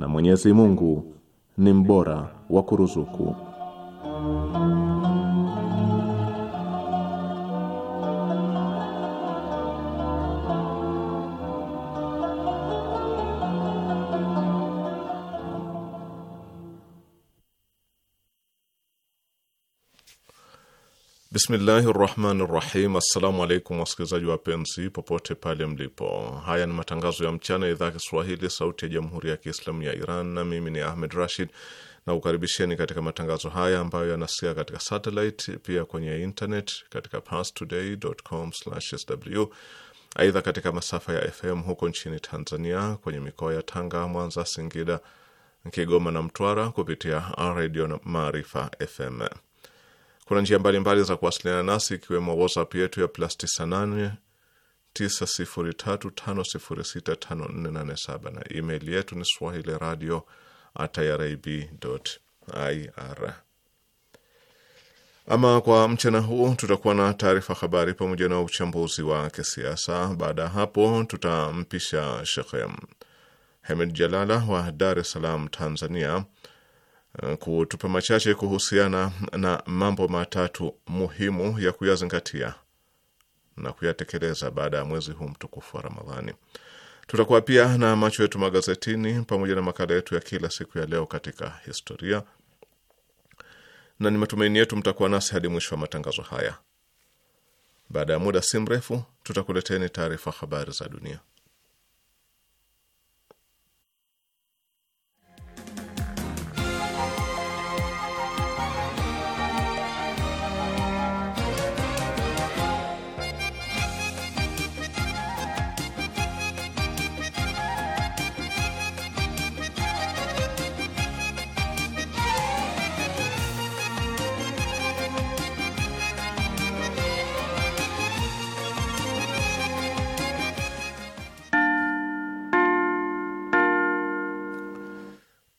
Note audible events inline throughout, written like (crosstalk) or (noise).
na Mwenyezi Mungu ni mbora wa kuruzuku. Bismillahi rahmani rahim. Assalamu alaikum wasikilizaji wapenzi popote pale mlipo. Haya ni matangazo ya mchana ya idhaa ya Kiswahili sauti ya jamhuri ya Kiislamu ya Iran, na mimi ni Ahmed Rashid na kukaribisheni katika matangazo haya ambayo yanasikia katika satelit, pia kwenye internet katika pastodaycom sw Aidha, katika masafa ya FM huko nchini Tanzania kwenye mikoa ya Tanga, Mwanza, Singida, Kigoma na Mtwara kupitia Radio Maarifa FM. Kuna njia mbalimbali za kuwasiliana nasi ikiwemo WhatsApp yetu ya plus 98 9356547 na email yetu ni swahili radio irib Ama kwa mchana huu tutakuwa na taarifa habari pamoja na uchambuzi wa kisiasa. Baada ya hapo, tutampisha Shekhe Hemed Jalala wa Dar es Salaam, Tanzania Eh, kutupa machache kuhusiana na mambo matatu muhimu ya kuyazingatia na kuyatekeleza baada ya mwezi huu mtukufu wa Ramadhani. Tutakuwa pia na macho yetu magazetini pamoja na makala yetu ya kila siku ya leo katika historia, na ni matumaini yetu mtakuwa nasi hadi mwisho wa matangazo haya. Baada ya muda si mrefu, tutakuleteni taarifa habari za dunia.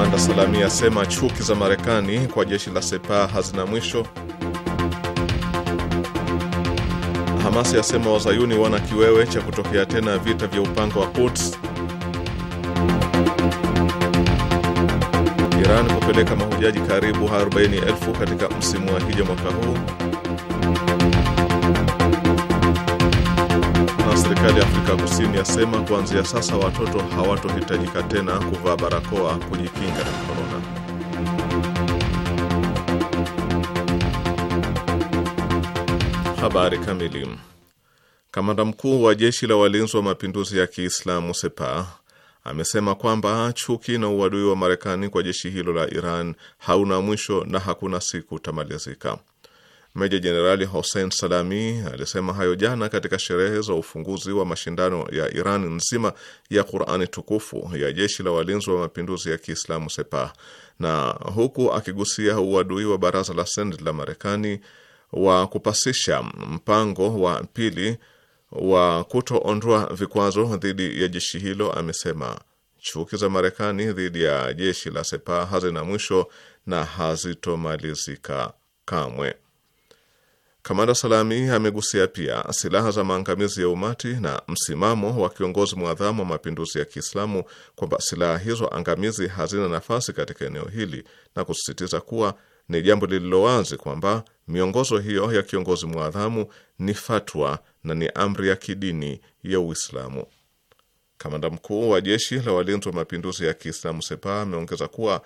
Kamanda Salami asema chuki za Marekani kwa jeshi la Sepaa hazina mwisho. Hamasi asema wazayuni wana kiwewe cha kutokea tena vita vya upanga wa Quds. Iran kupeleka mahujaji karibu 40,000 katika msimu wa hija mwaka huu. Serikali ya Afrika Kusini yasema kuanzia sasa watoto hawatohitajika tena kuvaa barakoa kujikinga na korona. Habari kamili. Kamanda mkuu wa jeshi la walinzi wa mapinduzi ya Kiislamu sepa amesema kwamba chuki na uadui wa Marekani kwa jeshi hilo la Iran hauna mwisho na hakuna siku utamalizika. Meja Jenerali Hossein Salami alisema hayo jana katika sherehe za ufunguzi wa mashindano ya Iran nzima ya Qurani tukufu ya jeshi la walinzi wa mapinduzi ya Kiislamu sepa na huku akigusia uadui wa baraza la Seneti la Marekani wa kupasisha mpango wa pili wa kutoondoa vikwazo dhidi ya jeshi hilo, amesema chuki za Marekani dhidi ya jeshi la sepa hazina mwisho na hazitomalizika kamwe. Kamanda Salami amegusia pia silaha za maangamizi ya umati na msimamo wa kiongozi mwadhamu wa mapinduzi ya Kiislamu kwamba silaha hizo angamizi hazina nafasi katika eneo hili na kusisitiza kuwa ni jambo lililo wazi kwamba miongozo hiyo ya kiongozi mwadhamu ni fatwa na ni amri ya kidini ya Uislamu. Kamanda mkuu wa jeshi la walinzi wa mapinduzi ya Kiislamu Sepa ameongeza kuwa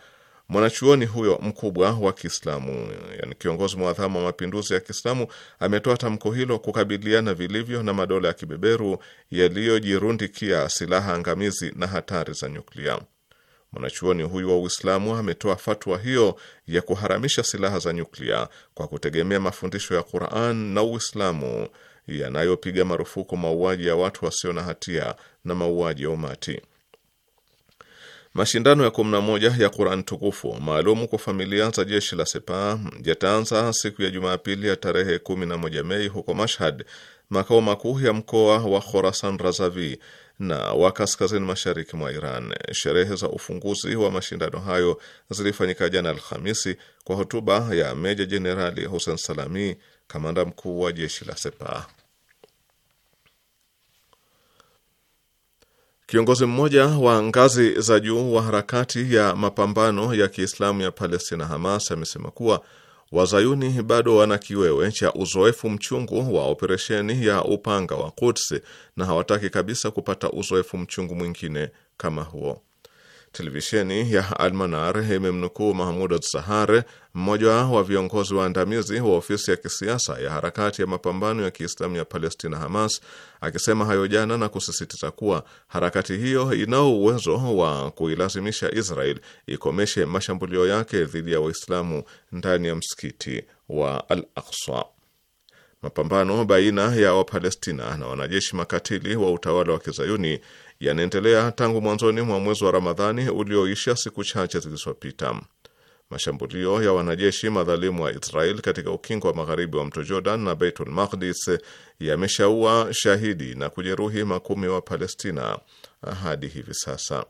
Mwanachuoni huyo mkubwa wa Kiislamu, yani kiongozi mwadhamu wa mapinduzi ya Kiislamu, ametoa tamko hilo kukabiliana vilivyo na madola ya kibeberu yaliyojirundikia silaha angamizi na hatari za nyuklia. Mwanachuoni huyu wa Uislamu ametoa fatwa hiyo ya kuharamisha silaha za nyuklia kwa kutegemea mafundisho ya Quran na Uislamu yanayopiga marufuku mauaji ya watu wasio na hatia na mauaji ya umati. Mashindano ya 11 ya Quran tukufu maalum kwa familia za jeshi la sepa yataanza siku ya Jumapili ya tarehe moja Mei huko Mashhad, makao makuu ya mkoa wa Khorasan Razavi na wa kaskazini mashariki mwa Iran. Sherehe za ufunguzi wa mashindano hayo zilifanyika jana Alhamisi kwa hotuba ya Meja Jenerali Hussein Salami, kamanda mkuu wa jeshi la Sepah. Kiongozi mmoja wa ngazi za juu wa harakati ya mapambano ya Kiislamu ya Palestina, Hamas, amesema kuwa wazayuni bado wana kiwewe cha uzoefu mchungu wa operesheni ya upanga wa Quds na hawataki kabisa kupata uzoefu mchungu mwingine kama huo. Televisheni ya Almanar imemnukuu Mahmud sahar mmoja wa viongozi waandamizi wa ofisi ya kisiasa ya harakati ya mapambano ya Kiislamu ya Palestina, Hamas, akisema hayo jana na kusisitiza kuwa harakati hiyo inao uwezo wa kuilazimisha Israel ikomeshe mashambulio yake dhidi ya Waislamu ndani ya msikiti wa Al Aqsa. Mapambano baina ya Wapalestina na wanajeshi makatili wa utawala wa kizayuni yanaendelea tangu mwanzoni mwa mwezi wa Ramadhani ulioisha siku chache zilizopita. Mashambulio ya wanajeshi madhalimu wa Israel katika ukingo wa magharibi wa mto Jordan na Beitul Maqdis yameshaua shahidi na kujeruhi makumi wa Palestina hadi hivi sasa.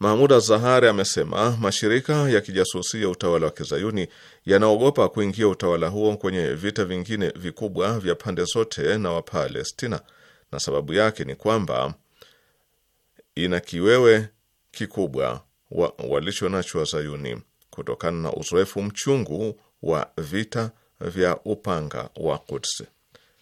Mahmud Azahari amesema mashirika ya kijasusi ya utawala wa kizayuni yanaogopa kuingia utawala huo kwenye vita vingine vikubwa vya pande zote na Wapalestina na sababu yake ni kwamba ina kiwewe kikubwa wa, walicho nacho wazayuni kutokana na uzoefu mchungu wa vita vya upanga wa Quds.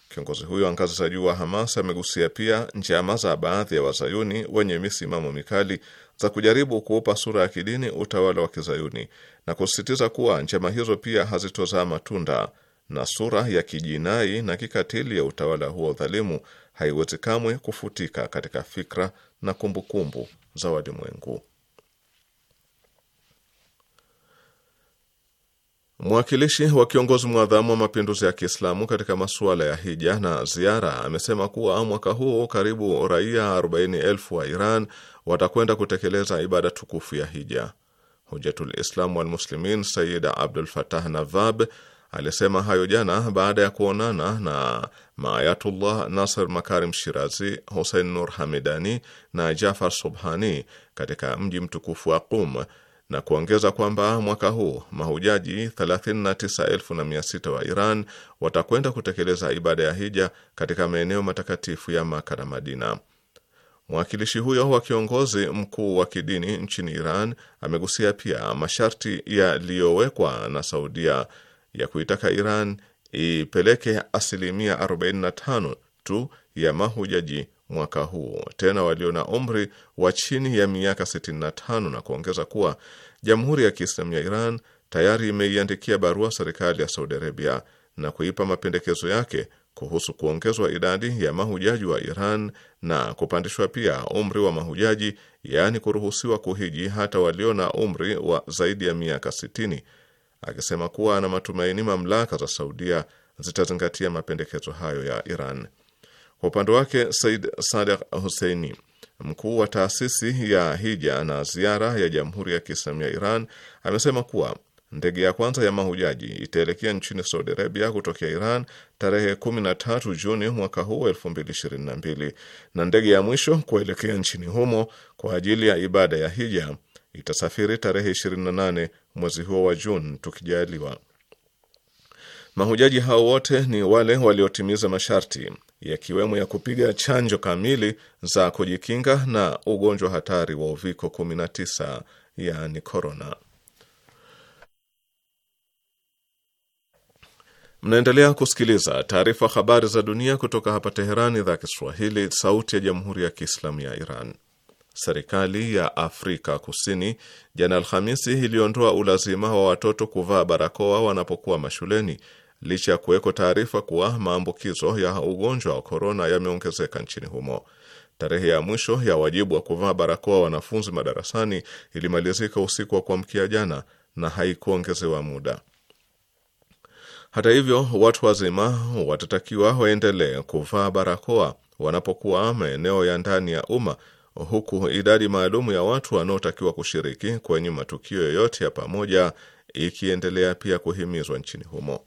Kiongozi huyo wa ngazi za juu wa Hamas amegusia pia njama za baadhi ya wazayuni wenye misimamo mikali za kujaribu kuupa sura ya kidini utawala wa kizayuni na kusisitiza kuwa njama hizo pia hazitozaa matunda na sura ya kijinai na kikatili ya utawala huo dhalimu haiwezi kamwe kufutika katika fikra na kumbukumbu kumbu za walimwengu. Mwakilishi wa kiongozi mwadhamu wa mapinduzi ya Kiislamu katika masuala ya hija na ziara amesema kuwa mwaka huu karibu raia arobaini wa Iran watakwenda kutekeleza ibada tukufu ya hija. Hujatul walmuslimin Sayid Abdul Fatah Navab Alisema hayo jana baada ya kuonana na Maayatullah Nasir Makarim Shirazi, Hussein Nur Hamidani na Jafar Subhani katika mji mtukufu wa Qum na kuongeza kwamba mwaka huu mahujaji 39600 wa Iran watakwenda kutekeleza ibada ya hija katika maeneo matakatifu ya Maka na Madina. Mwakilishi huyo wa kiongozi mkuu wa kidini nchini Iran amegusia pia masharti yaliyowekwa na Saudia ya kuitaka Iran ipeleke asilimia 45 tu ya mahujaji mwaka huu tena walio na umri wa chini ya miaka 65 na kuongeza kuwa Jamhuri ya Kiislamu ya Iran tayari imeiandikia barua serikali ya Saudi Arabia na kuipa mapendekezo yake kuhusu kuongezwa idadi ya mahujaji wa Iran na kupandishwa pia umri wa mahujaji, yaani kuruhusiwa kuhiji hata walio na umri wa zaidi ya miaka 60 akisema kuwa ana matumaini mamlaka za Saudia zitazingatia mapendekezo hayo ya Iran. Kwa upande wake, Said Sadek Huseini, mkuu wa taasisi ya hija na ziara ya Jamhuri ya Kiislamu ya Iran, amesema kuwa ndege ya kwanza ya mahujaji itaelekea nchini Saudi Arabia kutokea Iran tarehe 13 Juni mwaka huu 2022 na ndege ya mwisho kuelekea nchini humo kwa ajili ya ibada ya hija itasafiri tarehe 28 mwezi huo wa Juni tukijaliwa. Mahujaji hao wote ni wale waliotimiza masharti yakiwemo ya kupiga chanjo kamili za kujikinga na ugonjwa hatari wa uviko 19, yaani corona. Mnaendelea kusikiliza taarifa habari za dunia kutoka hapa Teherani, idhaa ya Kiswahili, sauti ya jamhuri ya kiislamu ya Iran serikali ya Afrika Kusini jana Alhamisi iliondoa ulazima wa watoto kuvaa barakoa wanapokuwa mashuleni licha ya kuweko taarifa kuwa maambukizo ya ugonjwa wa korona yameongezeka nchini humo. Tarehe ya mwisho ya wajibu wa kuvaa barakoa wanafunzi madarasani ilimalizika usiku wa kuamkia jana na haikuongezewa muda. Hata hivyo, watu wazima watatakiwa waendelee kuvaa barakoa wanapokuwa maeneo ya ndani ya umma huku idadi maalumu ya watu wanaotakiwa kushiriki kwenye matukio yoyote ya pamoja ikiendelea pia kuhimizwa nchini humo.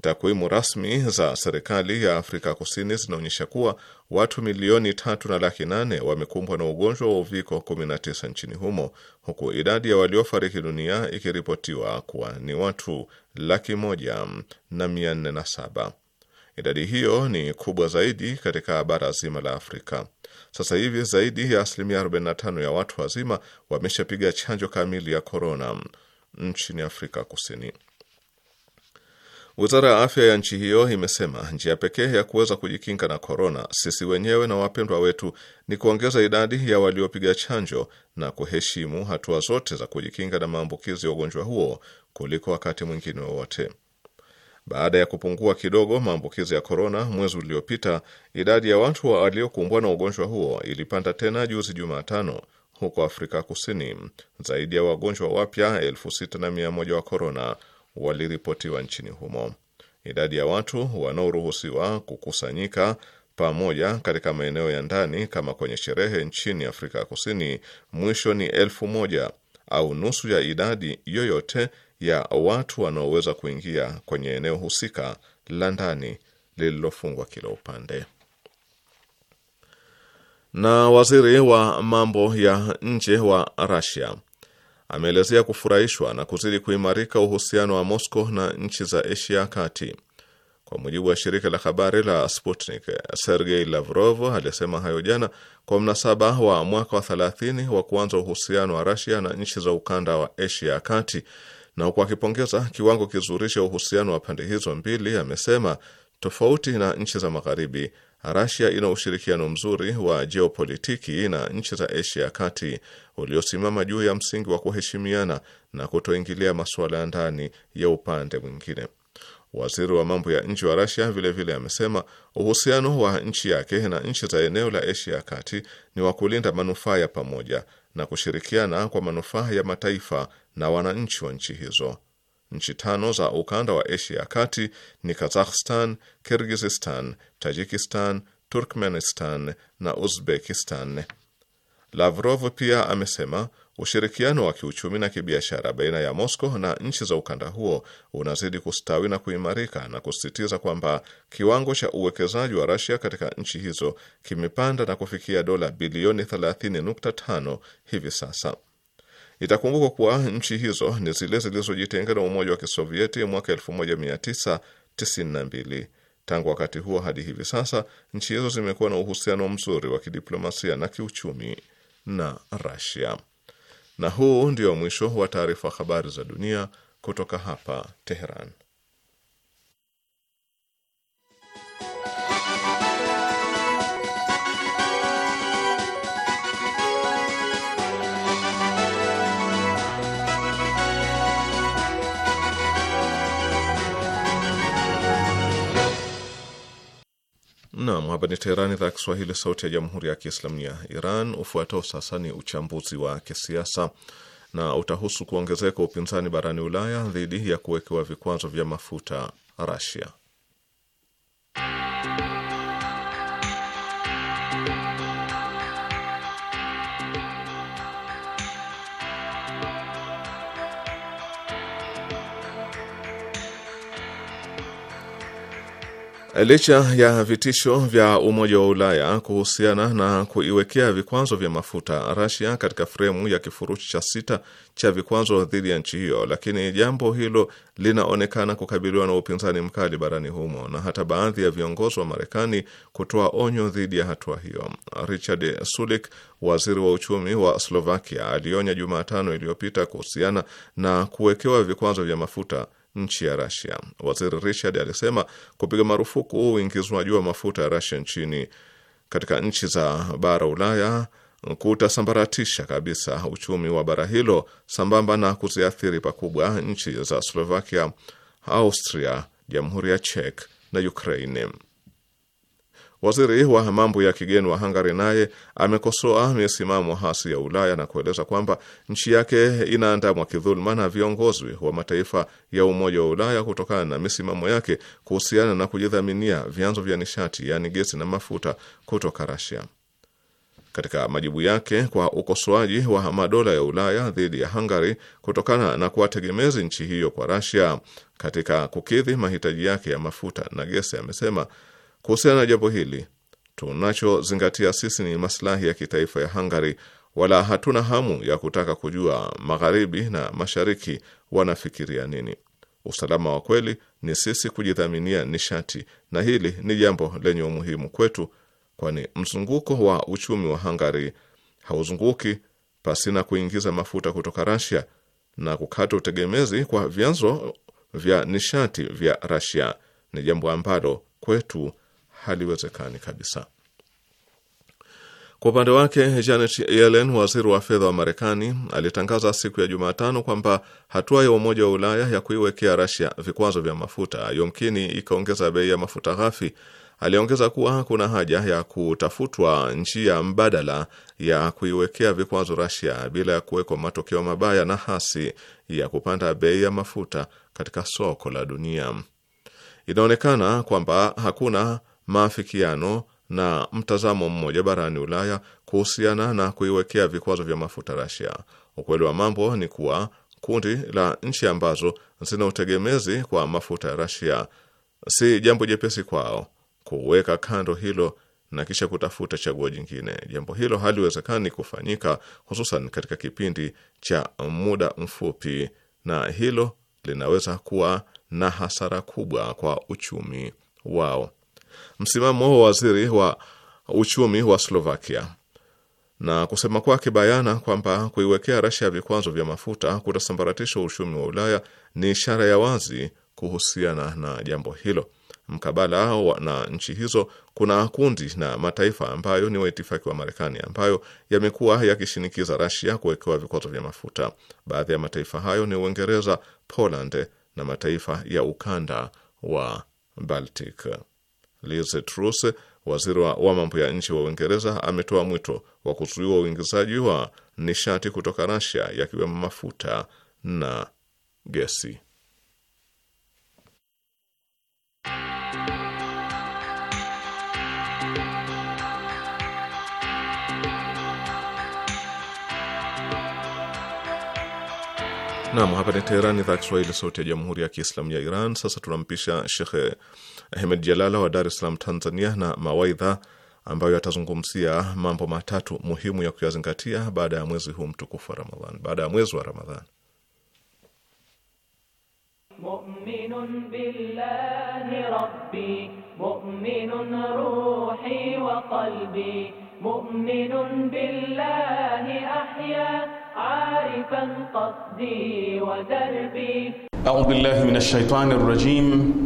Takwimu rasmi za serikali ya Afrika Kusini zinaonyesha kuwa watu milioni tatu na laki nane wamekumbwa na ugonjwa wa uviko 19 nchini humo huku idadi ya waliofariki dunia ikiripotiwa kuwa ni watu laki moja na mia nne na saba. Idadi hiyo ni kubwa zaidi katika bara zima la Afrika. Sasa hivi zaidi ya asilimia 45 ya watu wazima wameshapiga chanjo kamili ya korona nchini Afrika Kusini. Wizara ya afya ya nchi hiyo imesema njia pekee ya kuweza kujikinga na korona sisi wenyewe na wapendwa wetu ni kuongeza idadi ya waliopiga chanjo na kuheshimu hatua zote za kujikinga na maambukizi ya ugonjwa huo kuliko wakati mwingine wowote wa baada ya kupungua kidogo maambukizi ya korona mwezi uliopita, idadi ya watu waliokumbwa na ugonjwa huo ilipanda tena juzi Jumatano huko Afrika Kusini. Zaidi ya wagonjwa wapya elfu sita na mia moja wa korona waliripotiwa nchini humo. Idadi ya watu wanaoruhusiwa kukusanyika pamoja katika maeneo ya ndani kama kwenye sherehe nchini Afrika Kusini mwisho ni elfu moja au nusu ya idadi yoyote ya watu wanaoweza kuingia kwenye eneo husika la ndani lililofungwa kila upande. Na waziri wa mambo ya nje wa Russia ameelezea kufurahishwa na kuzidi kuimarika uhusiano wa Moscow na nchi za Asia Kati. Kwa mujibu wa shirika la habari la Sputnik, Sergei Lavrov alisema hayo jana kwa mnasaba wa mwaka wa 30 wa kuanza uhusiano wa Russia na nchi za ukanda wa Asia ya Kati na huku akipongeza kiwango kizuri cha uhusiano wa pande hizo mbili, amesema tofauti na nchi za magharibi, Rasia ina ushirikiano mzuri wa jeopolitiki na nchi za Asia ya kati uliosimama juu ya msingi wa kuheshimiana na kutoingilia masuala ya ndani ya upande mwingine. Waziri wa mambo ya nje wa Rasia vilevile amesema uhusiano wa nchi yake na nchi za eneo la Asia ya kati ni wa kulinda manufaa ya pamoja na kushirikiana kwa manufaa ya mataifa na wananchi wa nchi hizo. Nchi tano za ukanda wa Asia ya kati ni Kazakhstan, Kirgizistan, Tajikistan, Turkmenistan na Uzbekistan. Lavrov pia amesema ushirikiano wa kiuchumi na kibiashara baina ya Moscow na nchi za ukanda huo unazidi kustawi na kuimarika na kusisitiza kwamba kiwango cha uwekezaji wa Russia katika nchi hizo kimepanda na kufikia dola bilioni 30.5 hivi sasa. Itakumbukwa kuwa nchi hizo ni zile zilizojitenga na Umoja wa Kisovieti mwaka 1992. Tangu wakati huo hadi hivi sasa, nchi hizo zimekuwa na uhusiano mzuri wa kidiplomasia na kiuchumi na Russia. Na huu ndio mwisho wa taarifa habari za dunia kutoka hapa Teheran. Naam, hapa ni Teherani, idhaa ya Kiswahili, sauti ya jamhuri ya kiislamu ya Iran. Ufuatao sasa ni uchambuzi wa kisiasa na utahusu kuongezeka upinzani barani Ulaya dhidi ya kuwekewa vikwazo vya mafuta Rasia. Licha ya vitisho vya Umoja wa Ulaya kuhusiana na kuiwekea vikwazo vya mafuta Rasia katika fremu ya kifurushi cha sita cha vikwazo dhidi ya nchi hiyo, lakini jambo hilo linaonekana kukabiliwa na upinzani mkali barani humo na hata baadhi ya viongozi wa Marekani kutoa onyo dhidi ya hatua hiyo. Richard Sulik, waziri wa uchumi wa Slovakia, alionya Jumatano iliyopita kuhusiana na kuwekewa vikwazo vya mafuta nchi ya Rasia. Waziri Richard alisema kupiga marufuku uingizwaji wa mafuta ya Rasia nchini katika nchi za bara Ulaya kutasambaratisha kabisa uchumi wa bara hilo sambamba na kuziathiri pakubwa nchi za Slovakia, Austria, Jamhuri ya Czech na Ukraine. Waziri wa mambo ya kigeni wa Hungary naye amekosoa misimamo hasi ya Ulaya na kueleza kwamba nchi yake inaandamwa kidhuluma na viongozi wa mataifa ya Umoja wa Ulaya kutokana na misimamo yake kuhusiana na kujidhaminia vyanzo vya nishati, yaani gesi na mafuta kutoka Rasia. Katika majibu yake kwa ukosoaji wa madola ya Ulaya dhidi ya Hungary kutokana na kuwategemezi nchi hiyo kwa Rasia katika kukidhi mahitaji yake ya mafuta na gesi, amesema Kuhusiana na jambo hili, tunachozingatia sisi ni maslahi ya kitaifa ya Hungary, wala hatuna hamu ya kutaka kujua magharibi na mashariki wanafikiria nini. Usalama wa kweli ni sisi kujidhaminia nishati, na hili ni jambo lenye umuhimu kwetu, kwani mzunguko wa uchumi wa Hungary hauzunguki pasina kuingiza mafuta kutoka Rasia na kukata utegemezi kwa vyanzo vya nishati vya Rasia ni jambo ambalo kwetu haliwezekani kabisa. Kwa upande wake Janet Yellen, waziri wa fedha wa Marekani, alitangaza siku ya Jumatano kwamba hatua ya Umoja wa Ulaya ya kuiwekea Rasia vikwazo vya mafuta yomkini ikaongeza bei ya mafuta ghafi. Aliongeza kuwa kuna haja ya kutafutwa njia mbadala ya kuiwekea vikwazo Rasia bila ya kuwekwa matokeo mabaya na hasi ya kupanda bei ya mafuta katika soko la dunia. Inaonekana kwamba hakuna maafikiano na mtazamo mmoja barani Ulaya kuhusiana na kuiwekea vikwazo vya mafuta Rasia. Ukweli wa mambo ni kuwa kundi la nchi ambazo zina utegemezi kwa mafuta ya Rasia si jambo jepesi kwao kuweka kando hilo na kisha kutafuta chaguo jingine. Jambo hilo haliwezekani kufanyika, hususan katika kipindi cha muda mfupi, na hilo linaweza kuwa na hasara kubwa kwa uchumi wao msimamo wa waziri wa uchumi wa Slovakia na kusema kwake bayana kwamba kuiwekea Rasia vikwazo vya mafuta kutasambaratisha uchumi wa Ulaya ni ishara ya wazi kuhusiana na jambo hilo. Mkabala na nchi hizo kuna kundi na mataifa ambayo ni waitifaki wa Marekani ambayo yamekuwa yakishinikiza Rasia kuwekewa vikwazo vya mafuta. Baadhi ya mataifa hayo ni Uingereza, Poland na mataifa ya ukanda wa Baltic. Liz Truss, waziri wa, wa mambo ya nje wa Uingereza, ametoa mwito wa kuzuiwa uingizaji wa nishati kutoka Russia yakiwemo mafuta na gesi. Naam, hapa ni Teherani, idhaa Kiswahili, sauti ya Jamhuri ya Kiislamu ya Iran. Sasa tunampisha Shekhe Ahmed Jalala wa Dar es Salaam, Tanzania, na mawaidha ambayo yatazungumzia mambo matatu muhimu ya kuyazingatia baada ya mwezi huu mtukufu wa Ramadhan, baada ya mwezi wa Ramadhan. A'udhu billahi minash shaitani rrajim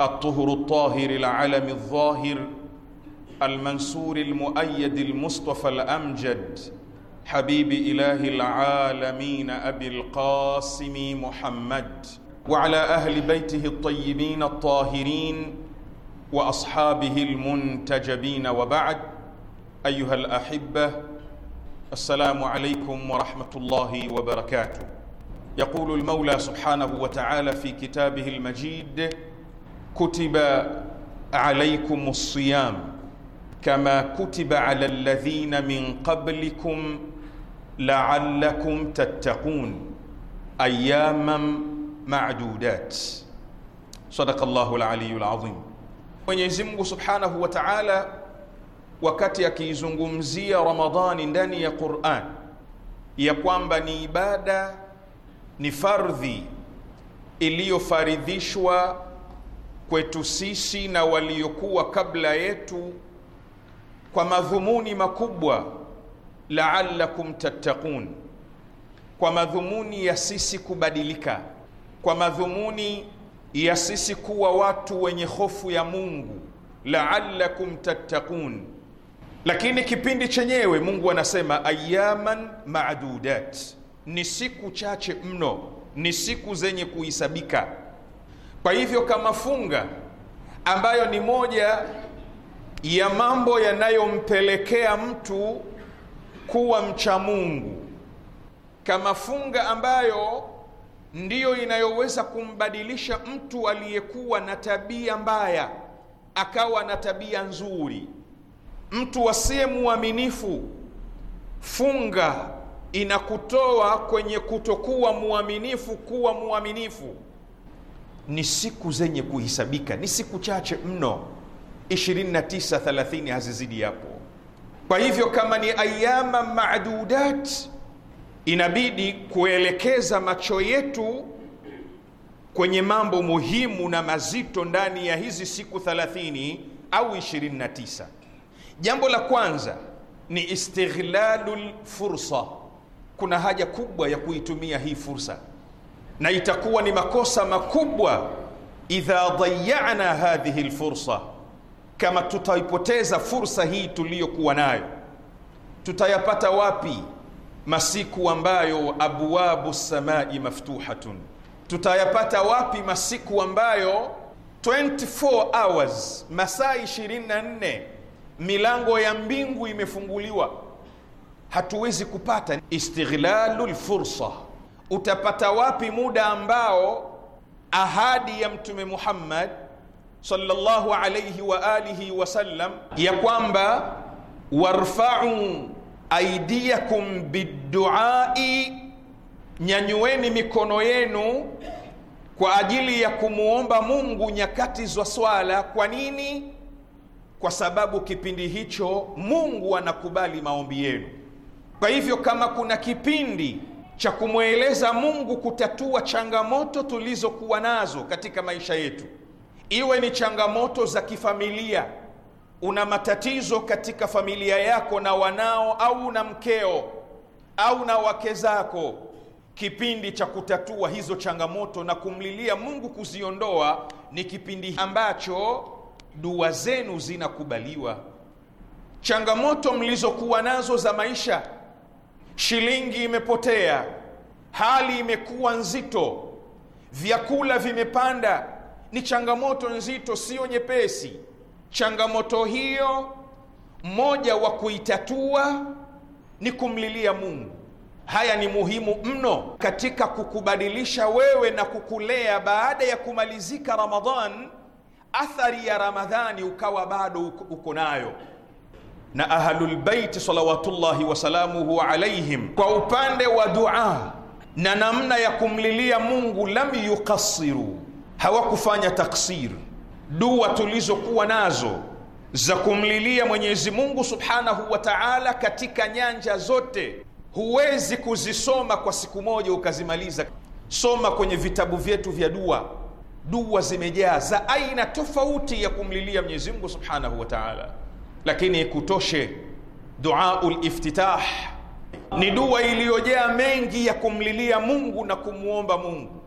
الطهر الطاهر العلم الظاهر المنصور المؤيد المصطفى الأمجد حبيب إله العالمين أبي القاسم محمد وعلى أهل بيته الطيبين الطاهرين وأصحابه المنتجبين وبعد أيها الأحبة السلام عليكم ورحمة الله وبركاته يقول المولى سبحانه وتعالى في كتابه المجيد kutiba alaikum siyam kama kutiba ala alladhina min qablikum la'allakum tattaqun ayyaman ma'dudat. Sadaqallahu al-aliyyul azim. Mwenyezi Mungu Subhanahu wa Ta'ala wakati akiizungumzia Ramadhani ndani ya Qur'an ya kwamba ni ibada, ni fardhi iliyofaridhishwa kwetu sisi na waliokuwa kabla yetu kwa madhumuni makubwa, la'allakum tattaqun, kwa madhumuni ya sisi kubadilika, kwa madhumuni ya sisi kuwa watu wenye hofu ya Mungu, la'allakum tattaqun. Lakini kipindi chenyewe Mungu anasema ayaman maadudat, ni siku chache mno, ni siku zenye kuhisabika kwa hivyo kama funga ambayo ni moja ya mambo yanayompelekea mtu kuwa mcha Mungu, kama funga ambayo ndiyo inayoweza kumbadilisha mtu aliyekuwa na tabia mbaya akawa na tabia nzuri, mtu asiye mwaminifu, funga inakutoa kwenye kutokuwa mwaminifu kuwa mwaminifu ni siku zenye kuhisabika, ni siku chache mno, 29 30, hazizidi hapo. Kwa hivyo kama ni ayama maadudat, inabidi kuelekeza macho yetu kwenye mambo muhimu na mazito ndani ya hizi siku 30 au 29. Jambo la kwanza ni istighlalul fursa, kuna haja kubwa ya kuitumia hii fursa na itakuwa ni makosa makubwa idha dayana hadhihi lfursa, kama tutaipoteza fursa hii tuliyokuwa nayo. Tutayapata wapi masiku ambayo abwabu samai maftuhatun? Tutayapata wapi masiku ambayo 24 hours, masaa 24 milango ya mbingu imefunguliwa? Hatuwezi kupata istighlalu lfursa utapata wapi muda ambao ahadi ya Mtume Muhammad sallallahu alayhi wa alihi sallam ya kwamba warfa'u aidiakum bidduai, nyanyueni mikono yenu kwa ajili ya kumwomba Mungu nyakati za swala. Kwa nini? Kwa sababu kipindi hicho Mungu anakubali maombi yenu. Kwa hivyo kama kuna kipindi cha kumweleza Mungu kutatua changamoto tulizokuwa nazo katika maisha yetu, iwe ni changamoto za kifamilia. Una matatizo katika familia yako na wanao au na mkeo au na wake zako, kipindi cha kutatua hizo changamoto na kumlilia Mungu kuziondoa ni kipindi ambacho dua zenu zinakubaliwa. Changamoto mlizokuwa nazo za maisha shilingi imepotea, hali imekuwa nzito, vyakula vimepanda. Ni changamoto nzito, sio nyepesi. Changamoto hiyo mmoja wa kuitatua ni kumlilia Mungu. Haya ni muhimu mno katika kukubadilisha wewe na kukulea baada ya kumalizika Ramadhan, athari ya Ramadhani ukawa bado uko nayo na ahlulbaiti salawatullahi wasalamuhu alaihim kwa upande wa dua na namna ya kumlilia Mungu, lam yukassiru, hawakufanya taksir. Dua tulizokuwa nazo za kumlilia Mwenyezi Mungu subhanahu wa taala katika nyanja zote, huwezi kuzisoma kwa siku moja ukazimaliza. Soma kwenye vitabu vyetu vya dua, dua zimejaa za aina tofauti ya kumlilia Mwenyezi Mungu subhanahu wa taala lakini ikutoshe duaul iftitah ni dua iliyojaa mengi ya kumlilia Mungu na kumwomba Mungu,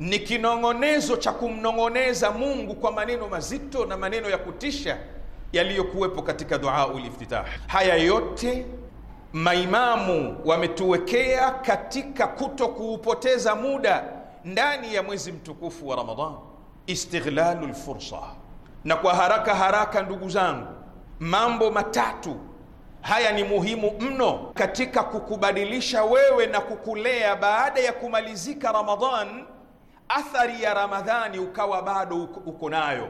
ni kinong'onezo cha kumnong'oneza Mungu kwa maneno mazito na maneno ya kutisha yaliyokuwepo katika duaul iftitah. Haya yote maimamu wametuwekea katika kuto kuupoteza muda ndani ya mwezi mtukufu wa Ramadhan, istighlalu lfursa. Na kwa haraka haraka, ndugu zangu Mambo matatu haya ni muhimu mno katika kukubadilisha wewe na kukulea baada ya kumalizika Ramadhan, athari ya Ramadhani ukawa bado uko nayo.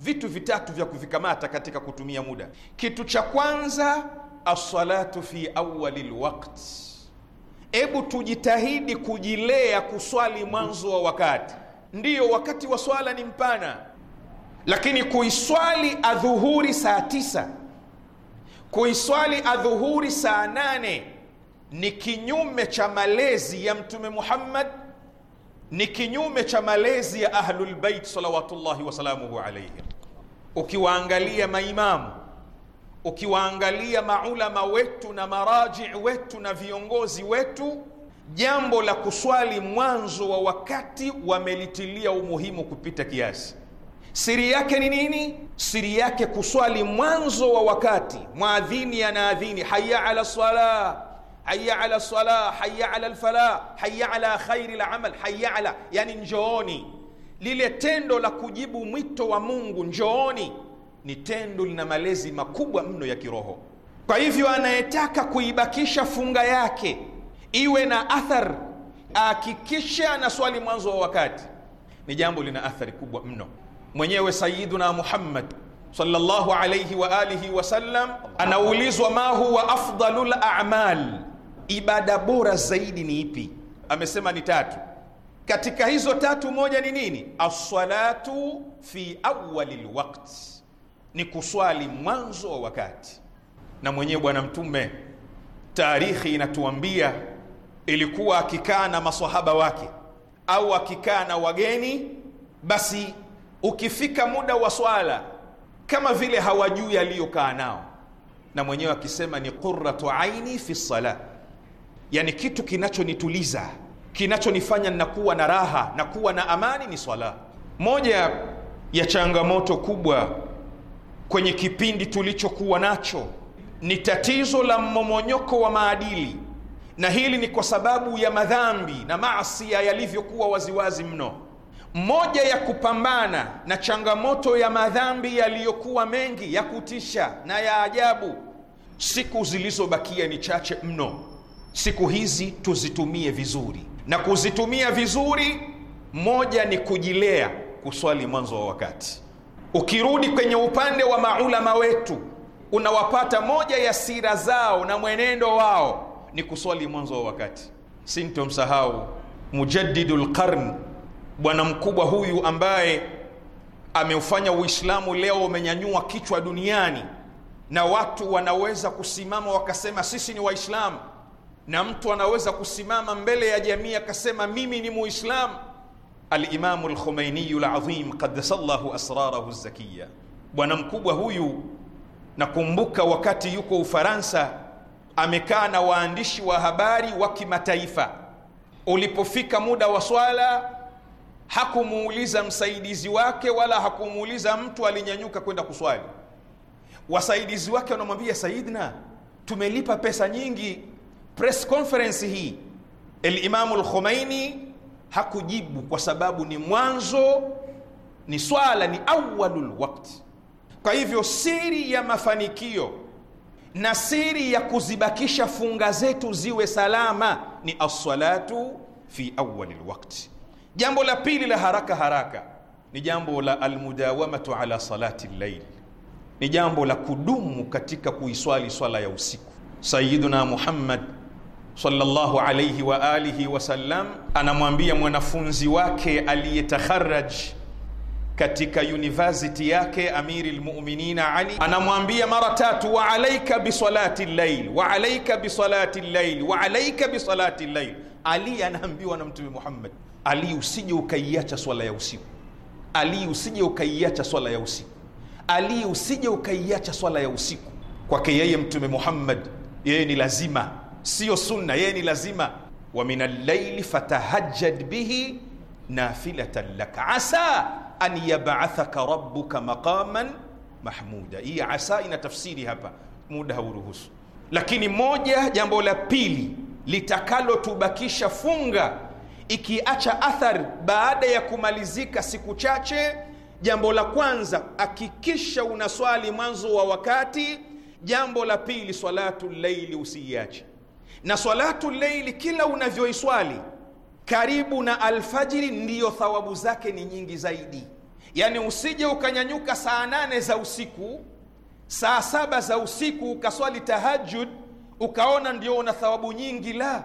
Vitu vitatu vya kuvikamata katika kutumia muda. Kitu cha kwanza, assalatu fi awali lwakti. ebu tujitahidi kujilea kuswali mwanzo wa wakati. Ndiyo, wakati wa swala ni mpana lakini kuiswali adhuhuri saa tisa kuiswali adhuhuri saa nane ni kinyume cha malezi ya mtume Muhammad, ni kinyume cha malezi ya Ahlulbeit salawatullahi wasalamuhu alaihim. Ukiwaangalia maimamu, ukiwaangalia maulama wetu na marajii wetu na viongozi wetu, jambo la kuswali mwanzo wa wakati wamelitilia umuhimu kupita kiasi. Siri yake ni nini? Siri yake kuswali mwanzo wa wakati, mwadhini anaadhini, hayya ala sala, hayya ala sala, hayya ala lfalah, hayya ala khairi lamal, hayya ala, yani njooni. Lile tendo la kujibu mwito wa Mungu, njooni, ni tendo lina malezi makubwa mno ya kiroho. Kwa hivyo, anayetaka kuibakisha funga yake iwe na athar, ahakikishe anaswali mwanzo wa wakati. Ni jambo lina athari kubwa mno mwenyewe sayiduna Muhammad sallallahu alayhi wa alihi sallam anaulizwa, ma huwa afdalul a'mal, ibada bora zaidi ni ipi? Amesema ni tatu. Katika hizo tatu, moja ni nini? As-salatu fi awwalil waqti, ni kuswali mwanzo wa wakati. Na mwenyewe Bwana Mtume, taarikhi inatuambia ilikuwa akikaa na maswahaba wake au akikaa na wageni, basi ukifika muda wa swala kama vile hawajui aliyokaa nao, na mwenyewe akisema ni qurratu aini fi ssala, yani kitu kinachonituliza kinachonifanya nakuwa na raha na kuwa na amani ni swala. Moja ya changamoto kubwa kwenye kipindi tulichokuwa nacho ni tatizo la mmomonyoko wa maadili, na hili ni kwa sababu ya madhambi na maasia yalivyokuwa waziwazi mno moja ya kupambana na changamoto ya madhambi yaliyokuwa mengi ya kutisha na ya ajabu. Siku zilizobakia ni chache mno. Siku hizi tuzitumie vizuri, na kuzitumia vizuri, moja ni kujilea, kuswali mwanzo wa wakati. Ukirudi kwenye upande wa maulama wetu, unawapata moja ya sira zao na mwenendo wao ni kuswali mwanzo wa wakati. Sintomsahau Mujaddidul Qarn bwana mkubwa huyu ambaye ameufanya Uislamu leo umenyanyua kichwa duniani na watu wanaweza kusimama wakasema sisi ni Waislamu, na mtu anaweza kusimama mbele ya jamii akasema mimi ni Muislamu. Alimamu Lkhumeiniyu Ladhim qaddasallahu asrarahu zakiya. Bwana mkubwa huyu nakumbuka wakati yuko Ufaransa, amekaa na waandishi wa habari wa kimataifa. Ulipofika muda wa swala hakumuuliza msaidizi wake wala hakumuuliza mtu, alinyanyuka kwenda kuswali. Wasaidizi wake wanamwambia Saidna, tumelipa pesa nyingi press conference hii. Alimamu lkhumaini hakujibu kwa sababu ni mwanzo, ni swala, ni awalu lwakti Kwa hivyo siri ya mafanikio na siri ya kuzibakisha funga zetu ziwe salama ni alsalatu fi awali lwakti Jambo la pili la haraka haraka ni jambo la almudawamatu ala salati llail, ni jambo la kudumu katika kuiswali swala ya usiku. Sayyiduna Muhammad sallallahu alayhi wa alihi wasallam anamwambia mwanafunzi wake aliyetaharaji katika university yake Amiri lmuminin Ali anamwambia mara tatu, wa alaika bisalati llail, wa alaika bisalati llail, wa alaika bisalati llail. Ali anaambiwa na Mtume Muhammad ali, usije ukaiacha swala ya usiku. Ali, usije ukaiacha swala ya usiku. Ali, usije ukaiacha swala ya usiku. Kwake yeye Mtume Muhammad, yeye ni lazima, siyo sunna, yeye ni lazima. Wa min allaili fatahajjad bihi nafilatan laka asa an yab'athaka rabbuka maqaman mahmuda. Hii asa ina tafsiri hapa, muda hauruhusu. Lakini moja, jambo la pili litakalotubakisha funga ikiacha athari baada ya kumalizika siku chache. Jambo la kwanza, hakikisha unaswali mwanzo wa wakati. Jambo la pili, swalatu laili usiiache. Na swalatu laili kila unavyoiswali karibu na alfajiri, ndiyo thawabu zake ni nyingi zaidi. yani usije ukanyanyuka saa nane za usiku saa saba za usiku ukaswali tahajud ukaona ndio una thawabu nyingi, la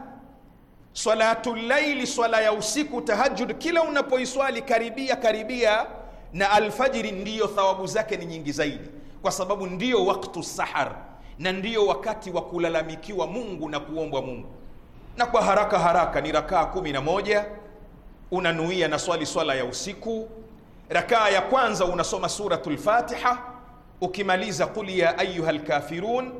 salatu laili, swala ya usiku, tahajud kila unapoiswali karibia karibia na alfajiri, ndiyo thawabu zake ni nyingi zaidi, kwa sababu ndiyo waktu sahar na ndiyo wakati wa kulalamikiwa Mungu na kuombwa Mungu. Na kwa haraka haraka ni rakaa kumi na moja, unanuia na swali swala ya usiku. Rakaa ya kwanza unasoma suratul Fatiha, ukimaliza qul ya ayuha lkafirun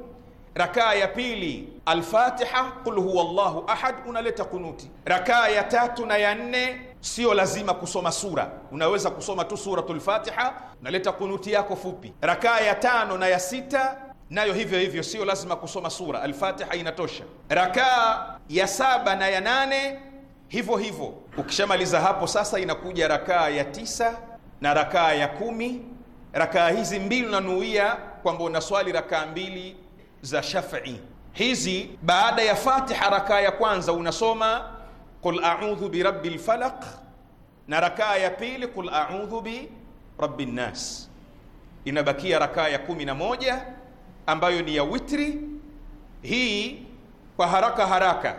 Rakaa ya pili Alfatiha, qul huwa llahu ahad, unaleta kunuti. Rakaa ya tatu na ya nne sio lazima kusoma sura, unaweza kusoma tu suratu lfatiha, unaleta kunuti yako fupi. Rakaa ya tano na ya sita nayo hivyo hivyo, sio lazima kusoma sura, Alfatiha inatosha. Rakaa ya saba na ya nane hivyo hivyo. Ukishamaliza hapo sasa, inakuja rakaa ya tisa na rakaa ya kumi. Rakaa hizi mbili unanuia kwamba unaswali rakaa mbili za shafii hizi. Baada ya Fatiha, rakaa ya kwanza unasoma qul a'udhu birabbi lfalaq, na rakaa ya pili qul a'udhu bi rabbi nnas. Inabakia rakaa ya kumi na moja ambayo ni ya witri. Hii kwa haraka haraka,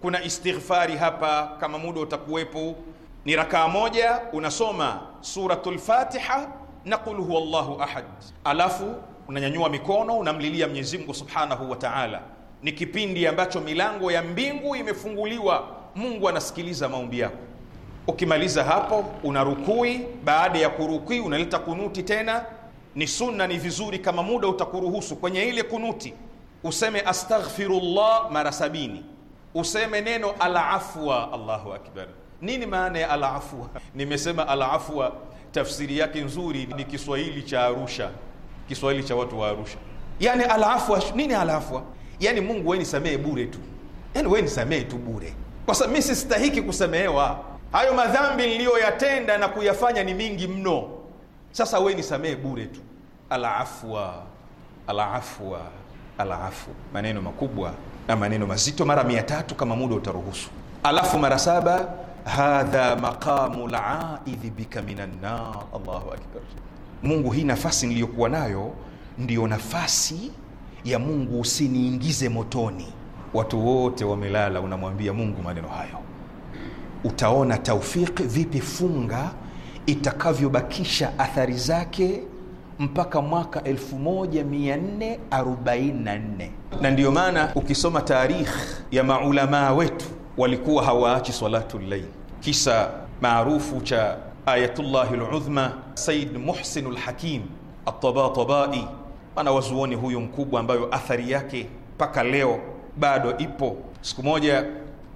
kuna istighfari hapa, kama muda utakuwepo ni rakaa moja, unasoma suratul Fatiha na qul huwa llahu ahad, alafu unanyanyua mikono unamlilia Mwenyezi Mungu Subhanahu wa Ta'ala. Ni kipindi ambacho milango ya mbingu imefunguliwa, Mungu anasikiliza maombi yako. Ukimaliza hapo unarukui. Baada ya kurukui unaleta kunuti tena. Ni sunna, ni vizuri kama muda utakuruhusu, kwenye ile kunuti useme astaghfirullah mara sabini, useme neno alafwa. Allahu akbar. Nini maana ya alafwa? (laughs) Nimesema alafwa, tafsiri yake nzuri ni Kiswahili cha Arusha Kiswahili cha watu wa Arusha. Yaani alaafwa nini? Alaafwa yaani Mungu wewe nisamehe bure tu, yaani wewe nisamehe tu bure, kwa sababu mimi sistahiki kusamehewa. Hayo madhambi niliyoyatenda na kuyafanya ni mingi mno. Sasa wewe nisamehe bure tu. Alaafwa, alaafwa, alafu. maneno makubwa na maneno mazito, mara mia tatu kama muda utaruhusu, alafu mara saba. Hadha maqamu laidhi bika minan nar. Allahu akbar. Mungu, hii nafasi niliyokuwa nayo ndiyo nafasi ya Mungu, usiniingize motoni. Watu wote wamelala, unamwambia Mungu maneno hayo. Utaona taufiki vipi funga itakavyobakisha athari zake mpaka mwaka 1444 na ndiyo maana ukisoma tarikh ya maulamaa wetu walikuwa hawaachi salatu llail, kisa maarufu cha Ayatullahi al-Uzma Said Muhsin al-Hakim At-Tabatabai, ana wazuoni huyu mkubwa ambayo athari yake mpaka leo bado ipo. Siku moja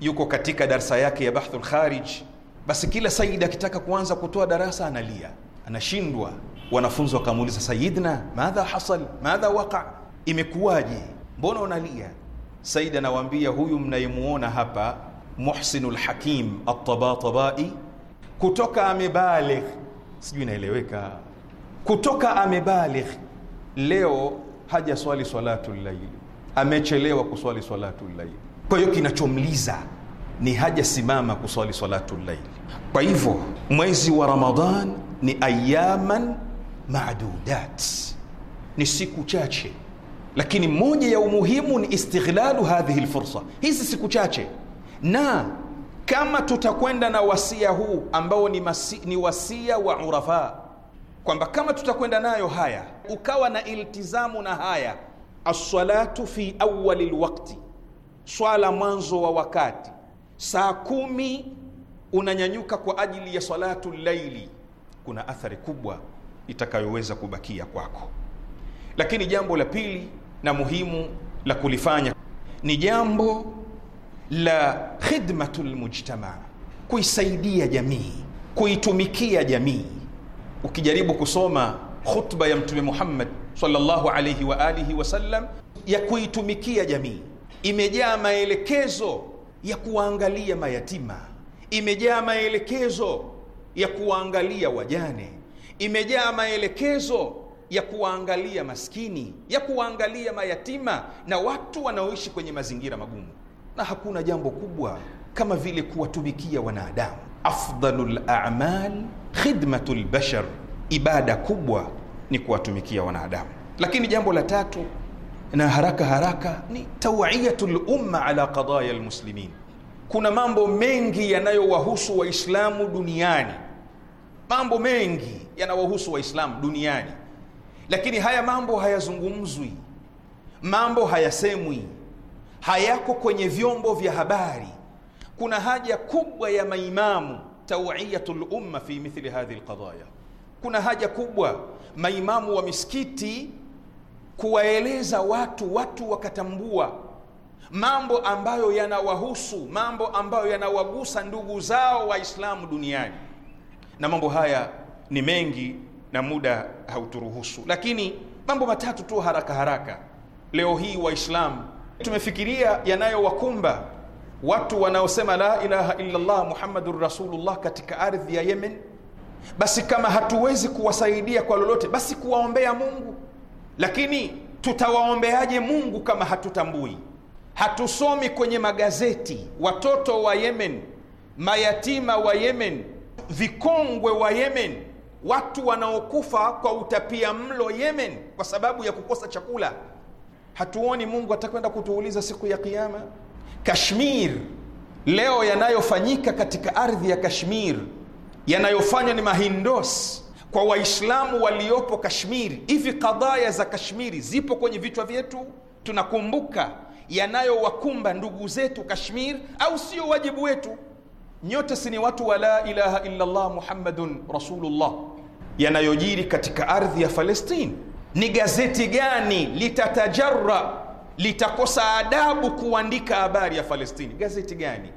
yuko katika darsa yake ya Bahthul Kharij, basi kila Said akitaka kuanza kutoa darasa analia, anashindwa. Wanafunzi wakamuuliza, Sayidna, madha hasal madha waqa, imekuwaje? Mbona unalia? Said anawaambia, huyu mnayemuona hapa Muhsinul Hakim At-Tabatabai kutoka amebaligh, sijui inaeleweka, kutoka amebaligh. Leo haja swali swalatul layl, amechelewa kuswali swalatu layl. Kwa hiyo kinachomliza ni haja simama kuswali swalatu layl. Kwa hivyo mwezi wa Ramadhan ni ayaman madudat ni siku chache, lakini moja ya umuhimu ni istighlalu hadhihi lfursa, hizi siku chache na kama tutakwenda na wasia huu ambao ni, masi, ni wasia wa urafa kwamba kama tutakwenda nayo haya ukawa na iltizamu na haya assalatu fi awali lwakti, swala mwanzo wa wakati, saa kumi unanyanyuka kwa ajili ya salatu laili, kuna athari kubwa itakayoweza kubakia kwako. Lakini jambo la pili na muhimu la kulifanya ni jambo la khidmatu lmujtama, kuisaidia jamii, kuitumikia jamii. Ukijaribu kusoma khutba ya Mtume Muhammad sallallahu alayhi wa alihi wasallam ya kuitumikia jamii, imejaa maelekezo ya kuwaangalia mayatima, imejaa maelekezo ya kuwaangalia wajane, imejaa maelekezo ya kuwaangalia maskini, ya kuwaangalia mayatima na watu wanaoishi kwenye mazingira magumu na hakuna jambo kubwa kama vile kuwatumikia wanadamu. Afdalu lamal khidmatu lbashar ibada kubwa ni kuwatumikia wanadamu. Lakini jambo la tatu na haraka haraka ni tawiyatu lumma ala qadaya almuslimin. Kuna mambo mengi yanayowahusu Waislamu duniani, mambo mengi yanawahusu Waislamu duniani, lakini haya mambo hayazungumzwi, mambo hayasemwi hayako kwenye vyombo vya habari. Kuna haja kubwa ya maimamu tawiyatul umma fi mithli hadhihi alqadaya. Kuna haja kubwa maimamu wa misikiti kuwaeleza watu, watu wakatambua mambo ambayo yanawahusu, mambo ambayo yanawagusa ndugu zao Waislamu duniani, na mambo haya ni mengi na muda hauturuhusu, lakini mambo matatu tu haraka haraka. Leo hii Waislamu Tumefikiria yanayowakumba watu wanaosema la ilaha illallah muhammadur rasulullah katika ardhi ya Yemen. Basi kama hatuwezi kuwasaidia kwa lolote, basi kuwaombea Mungu. Lakini tutawaombeaje Mungu kama hatutambui? Hatusomi kwenye magazeti watoto wa Yemen, mayatima wa Yemen, vikongwe wa Yemen, watu wanaokufa kwa utapia mlo Yemen kwa sababu ya kukosa chakula hatuoni mungu atakwenda kutuuliza siku ya kiama kashmir leo yanayofanyika katika ardhi ya kashmir yanayofanywa ni mahindos kwa waislamu waliopo kashmiri hivi kadhaya za kashmiri zipo kwenye vichwa vyetu tunakumbuka yanayowakumba ndugu zetu kashmir au sio wajibu wetu nyote si ni watu wa la ilaha illallah muhammadun rasulullah yanayojiri katika ardhi ya falestini ni gazeti gani litatajarra litakosa adabu kuandika habari ya Falestini? Gazeti gani?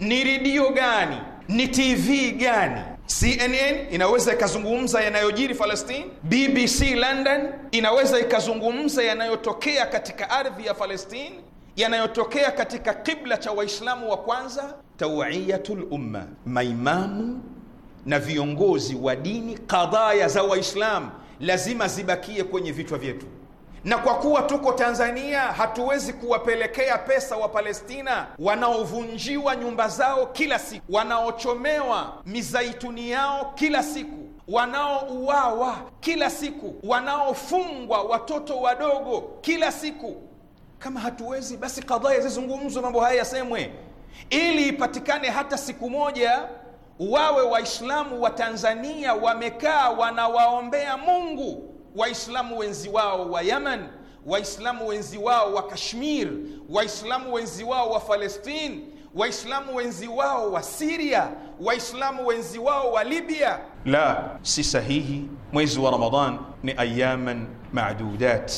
Ni redio gani? Ni TV gani? CNN inaweza ikazungumza yanayojiri Falestini. BBC London inaweza ikazungumza yanayotokea katika ardhi ya Falestini, yanayotokea katika kibla cha Waislamu wa kwanza, tawiyatul umma, maimamu na viongozi wa dini, kadhaya za Waislamu lazima zibakie kwenye vichwa vyetu, na kwa kuwa tuko Tanzania, hatuwezi kuwapelekea pesa wa palestina wanaovunjiwa nyumba zao kila siku, wanaochomewa mizaituni yao kila siku wanaouawa kila siku, wanaofungwa watoto wadogo kila siku. Kama hatuwezi basi, kadhaa yazizungumzwe, mambo haya yasemwe, ili ipatikane hata siku moja wawe Waislamu wa Tanzania wamekaa wanawaombea Mungu Waislamu wenzi wao wa Yaman, Waislamu wenzi wao wa Kashmir, Waislamu wenzi wao wa Palestine, Waislamu wenzi wao wa Siria, Waislamu wenzi wao wa Libya. La, si sahihi. Mwezi wa Ramadhan ni ayaman maadudat,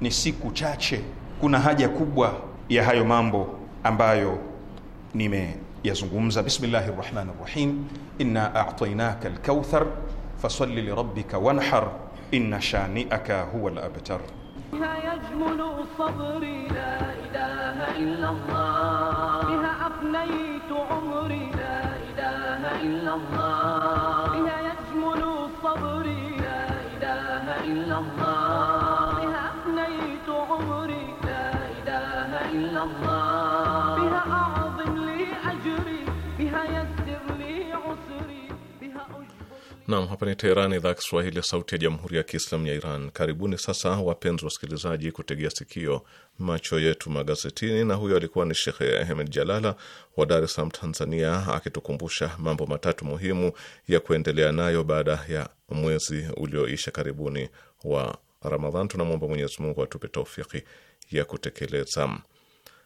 ni siku chache. Kuna haja kubwa ya hayo mambo ambayo nime yazungumza bismillahi rrahmani rrahim inna atainaka alkauthar fasalli lirabbika wanhar inna shaniaka huwa labtar بها يجمل صبري لا إله إلا الله بها أفنيت عمري لا إله إلا الله بها يجمل صبري لا إله إلا الله بها أفنيت عمري لا إله إلا الله Nam, hapa ni Teherani, idhaa Kiswahili ya sauti ya jamhuri ya kiislamu ya Iran. Karibuni sasa wapenzi wasikilizaji, kutegea sikio macho yetu magazetini, na huyo alikuwa ni Shekhe Ahmed Jalala wa Dar es Salaam, Tanzania, akitukumbusha mambo matatu muhimu ya kuendelea nayo baada ya mwezi ulioisha karibuni wa Ramadhan. Tunamwomba Mwenyezi Mungu atupe taufiki ya kutekeleza.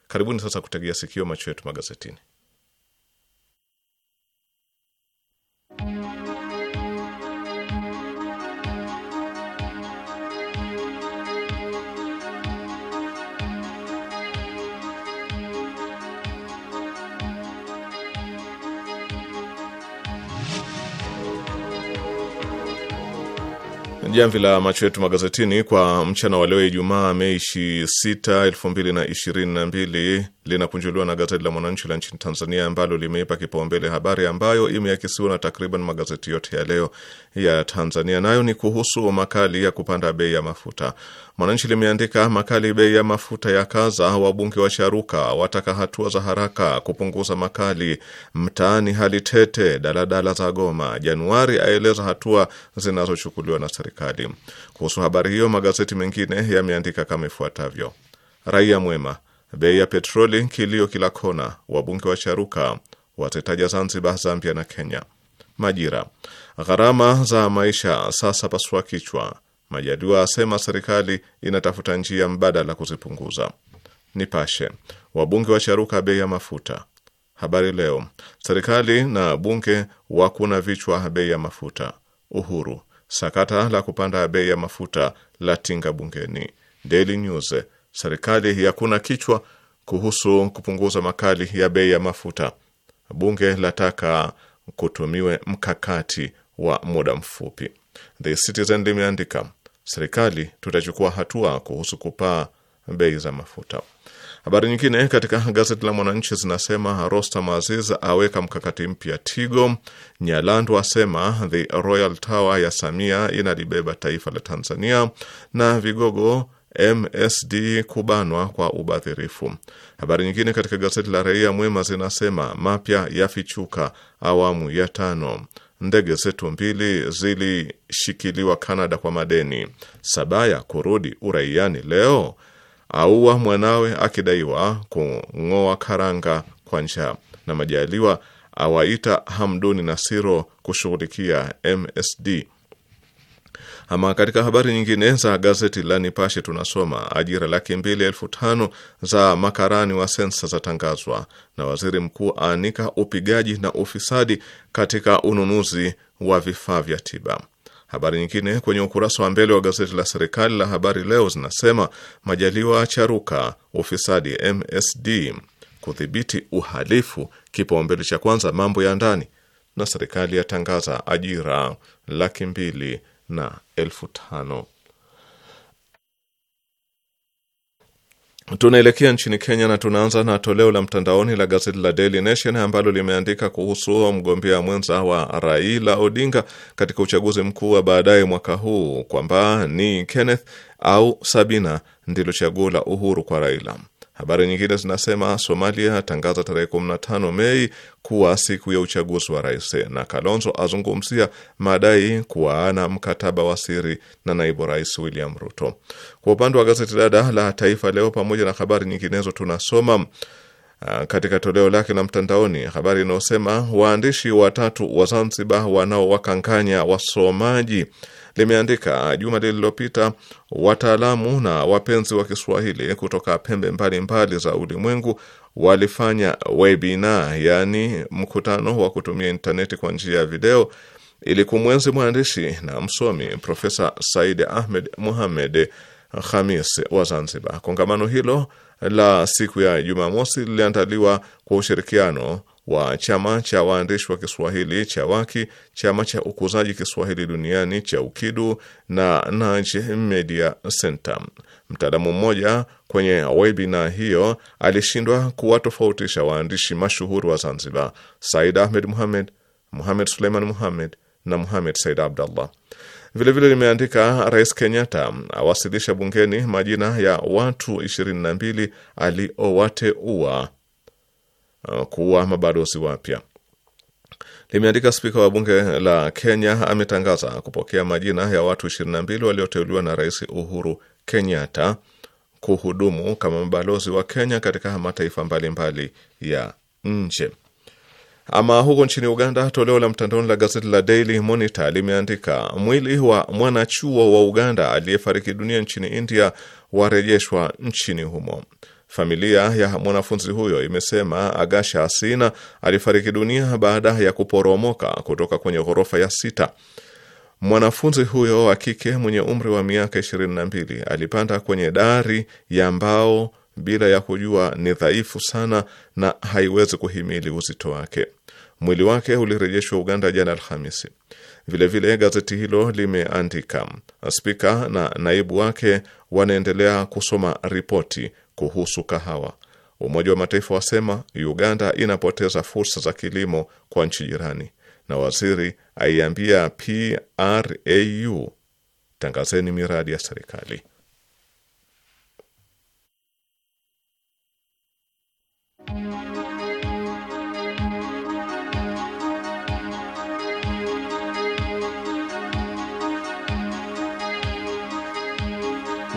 Karibuni sasa kutegea sikio macho yetu magazetini. Jamvi la macho yetu magazetini kwa mchana wa leo Ijumaa, Mei 6, 2022 linakunjuliwa na gazeti la Mwananchi la nchini Tanzania ambalo limeipa kipaumbele habari ambayo imeakisiwa na takriban magazeti yote ya leo ya Tanzania, nayo ni kuhusu makali ya kupanda bei ya mafuta. Mwananchi limeandika makali bei ya mafuta ya kaza, wabunge wa charuka, wataka hatua za haraka kupunguza makali, mtaani hali tete, daladala za goma, Januari aeleza hatua zinazochukuliwa na serikali. Kuhusu habari hiyo, magazeti mengine yameandika kama ifuatavyo: Raia Mwema bei ya petroli, kilio kila kona, wabunge wa charuka, watetaja Zanzibar, Zambia na Kenya. Majira, gharama za maisha sasa paswa kichwa. Majaliwa asema serikali inatafuta njia mbadala kuzipunguza. Nipashe, wabunge wacharuka bei ya mafuta. Habari Leo, serikali na bunge wakuna vichwa bei ya mafuta. Uhuru, sakata la kupanda bei ya mafuta la tinga bungeni. Daily News, serikali ya kuna kichwa kuhusu kupunguza makali ya bei ya mafuta. Bunge lataka kutumiwe mkakati wa muda mfupi. The Citizen limeandika serikali, tutachukua hatua kuhusu kupaa bei za mafuta. Habari nyingine katika gazeti la Mwananchi zinasema Rostam Aziz aweka mkakati mpya Tigo, Nyalandu asema the Royal Tower ya Samia inalibeba taifa la Tanzania, na vigogo MSD kubanwa kwa ubadhirifu. Habari nyingine katika gazeti la Raia Mwema zinasema mapya yafichuka awamu ya tano, ndege zetu mbili zilishikiliwa Kanada kwa madeni, Sabaya kurudi uraiani leo, aua mwanawe akidaiwa kung'oa karanga kwa njaa, na Majaliwa awaita Hamduni Nasiro kushughulikia MSD. Ama katika habari nyingine za gazeti la Nipashe tunasoma ajira laki mbili elfu tano za makarani wa sensa zatangazwa, na waziri mkuu aanika upigaji na ufisadi katika ununuzi wa vifaa vya tiba. Habari nyingine kwenye ukurasa wa mbele wa gazeti la serikali la Habari Leo zinasema Majaliwa charuka ufisadi MSD kudhibiti uhalifu kipaumbele cha kwanza mambo ya ndani, na serikali yatangaza ajira laki mbili na elfu tano. Tunaelekea nchini Kenya na tunaanza na toleo la mtandaoni la gazeti la Daily Nation ambalo limeandika kuhusu mgombea mwenza wa Raila Odinga katika uchaguzi mkuu wa baadaye mwaka huu kwamba ni Kenneth au Sabina ndilo chaguo la Uhuru kwa Raila. Habari nyingine zinasema Somalia tangaza tarehe 15 Mei kuwa siku ya uchaguzi wa rais, na Kalonzo azungumzia madai kuwa ana mkataba wa siri na naibu rais William Ruto. Kwa upande wa gazeti dada la Taifa Leo, pamoja na habari nyinginezo, tunasoma ah, katika toleo lake la mtandaoni habari inayosema waandishi watatu wa Zanzibar wanaowakanganya wasomaji limeandika juma lililopita, wataalamu na wapenzi wa Kiswahili kutoka pembe mbalimbali mbali za ulimwengu walifanya webina, yaani mkutano wa kutumia intaneti kwa njia ya video ili kumwenzi mwandishi na msomi Profesa Said Ahmed muhamed Khamis wa Zanzibar. Kongamano hilo la siku ya Jumamosi liliandaliwa kwa ushirikiano wa chama cha waandishi wa Kiswahili cha Waki, chama cha ukuzaji Kiswahili duniani cha UKIDU na Naj Media Center. Mtaalamu mmoja kwenye webina hiyo alishindwa kuwatofautisha waandishi mashuhuri wa Zanzibar, Said Ahmed Muhamed, Muhamed Suleiman Muhamed na Muhamed Said Abdallah. Vilevile limeandika Rais Kenyatta awasilisha bungeni majina ya watu 22 aliowateua Uh, kuwa mabalozi wapya. Limeandika spika wa bunge la Kenya ametangaza kupokea majina ya watu 22 walioteuliwa na Rais Uhuru Kenyatta kuhudumu kama mabalozi wa Kenya katika mataifa mbalimbali mbali ya nje. Ama huko nchini Uganda, toleo la mtandaoni la gazeti la Daily Monitor limeandika mwili wa mwanachuo wa Uganda aliyefariki dunia nchini India warejeshwa nchini humo. Familia ya mwanafunzi huyo imesema Agasha Asina alifariki dunia baada ya kuporomoka kutoka kwenye ghorofa ya sita. Mwanafunzi huyo wa kike mwenye umri wa miaka 22 alipanda kwenye dari ya mbao bila ya kujua ni dhaifu sana na haiwezi kuhimili uzito wake. Mwili wake ulirejeshwa Uganda jana Alhamisi. Vilevile gazeti hilo limeandika spika na naibu wake wanaendelea kusoma ripoti kuhusu kahawa. Umoja wa Mataifa wasema Uganda inapoteza fursa za kilimo kwa nchi jirani, na waziri aiambia PRAU tangazeni miradi ya serikali.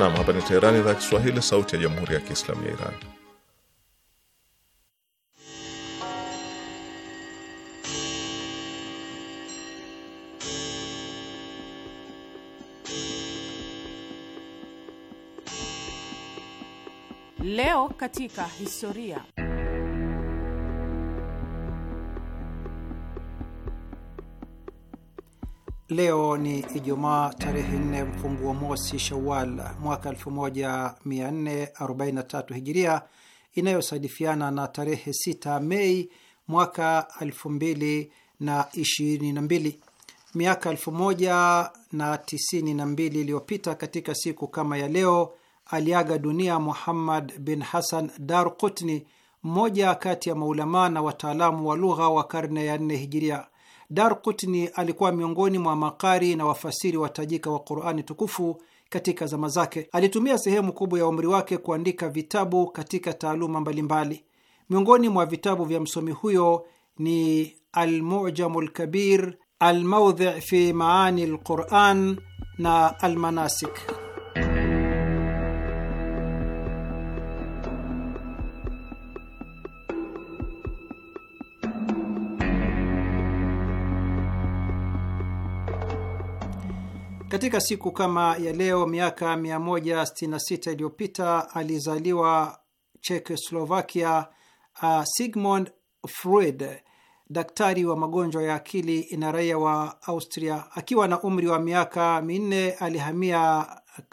Naam, hapa ni Teherani, idhaa Kiswahili, sauti ya jamhuri ya kiislamu ya Iran. Leo katika historia Leo ni Ijumaa tarehe mfungu mfunguo mosi Shawal mwaka 1443 Hijiria, inayosadifiana na tarehe 6 Mei mwaka 2022. Miaka 1092 iliyopita katika siku kama ya leo aliaga dunia Muhammad bin Hassan Dar Qutni, mmoja kati ya maulamaa na wataalamu wa lugha wa karne ya 4 Hijiria. Dar Kutni alikuwa miongoni mwa makari na wafasiri wa tajika wa Qurani tukufu katika zama zake. Alitumia sehemu kubwa ya umri wake kuandika vitabu katika taaluma mbalimbali. Miongoni mwa vitabu vya msomi huyo ni Almujamu Lkabir, Almaudhi fi Maani Lquran na Almanasik. Katika siku kama ya leo miaka 166 iliyopita alizaliwa Chekoslovakia uh, Sigmund Freud, daktari wa magonjwa ya akili na raia wa Austria. Akiwa na umri wa miaka minne alihamia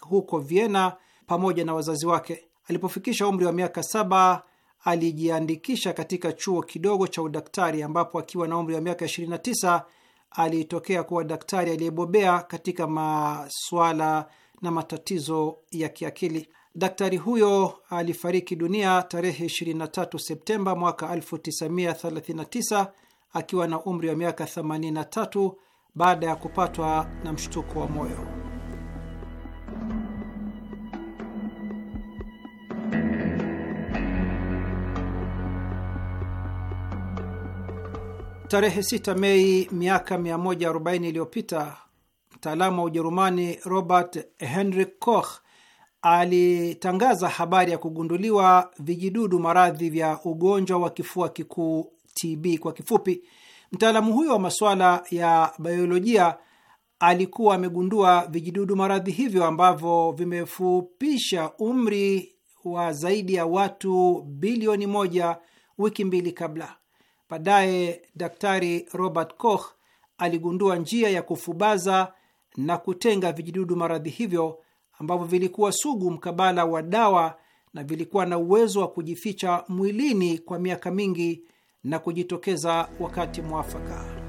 huko Vienna pamoja na wazazi wake. Alipofikisha umri wa miaka saba alijiandikisha katika chuo kidogo cha udaktari ambapo akiwa na umri wa miaka 29 alitokea kuwa daktari aliyebobea katika masuala na matatizo ya kiakili. Daktari huyo alifariki dunia tarehe 23 Septemba mwaka 1939 akiwa na umri wa miaka 83 baada ya kupatwa na mshtuko wa moyo. Tarehe 6 Mei miaka 140 iliyopita mtaalamu wa Ujerumani Robert Heinrich Koch alitangaza habari ya kugunduliwa vijidudu maradhi vya ugonjwa wa kifua kikuu TB kwa kifupi. Mtaalamu huyo wa masuala ya biolojia alikuwa amegundua vijidudu maradhi hivyo ambavyo vimefupisha umri wa zaidi ya watu bilioni moja wiki mbili kabla. Baadaye Daktari Robert Koch aligundua njia ya kufubaza na kutenga vijidudu maradhi hivyo ambavyo vilikuwa sugu mkabala wa dawa na vilikuwa na uwezo wa kujificha mwilini kwa miaka mingi na kujitokeza wakati mwafaka.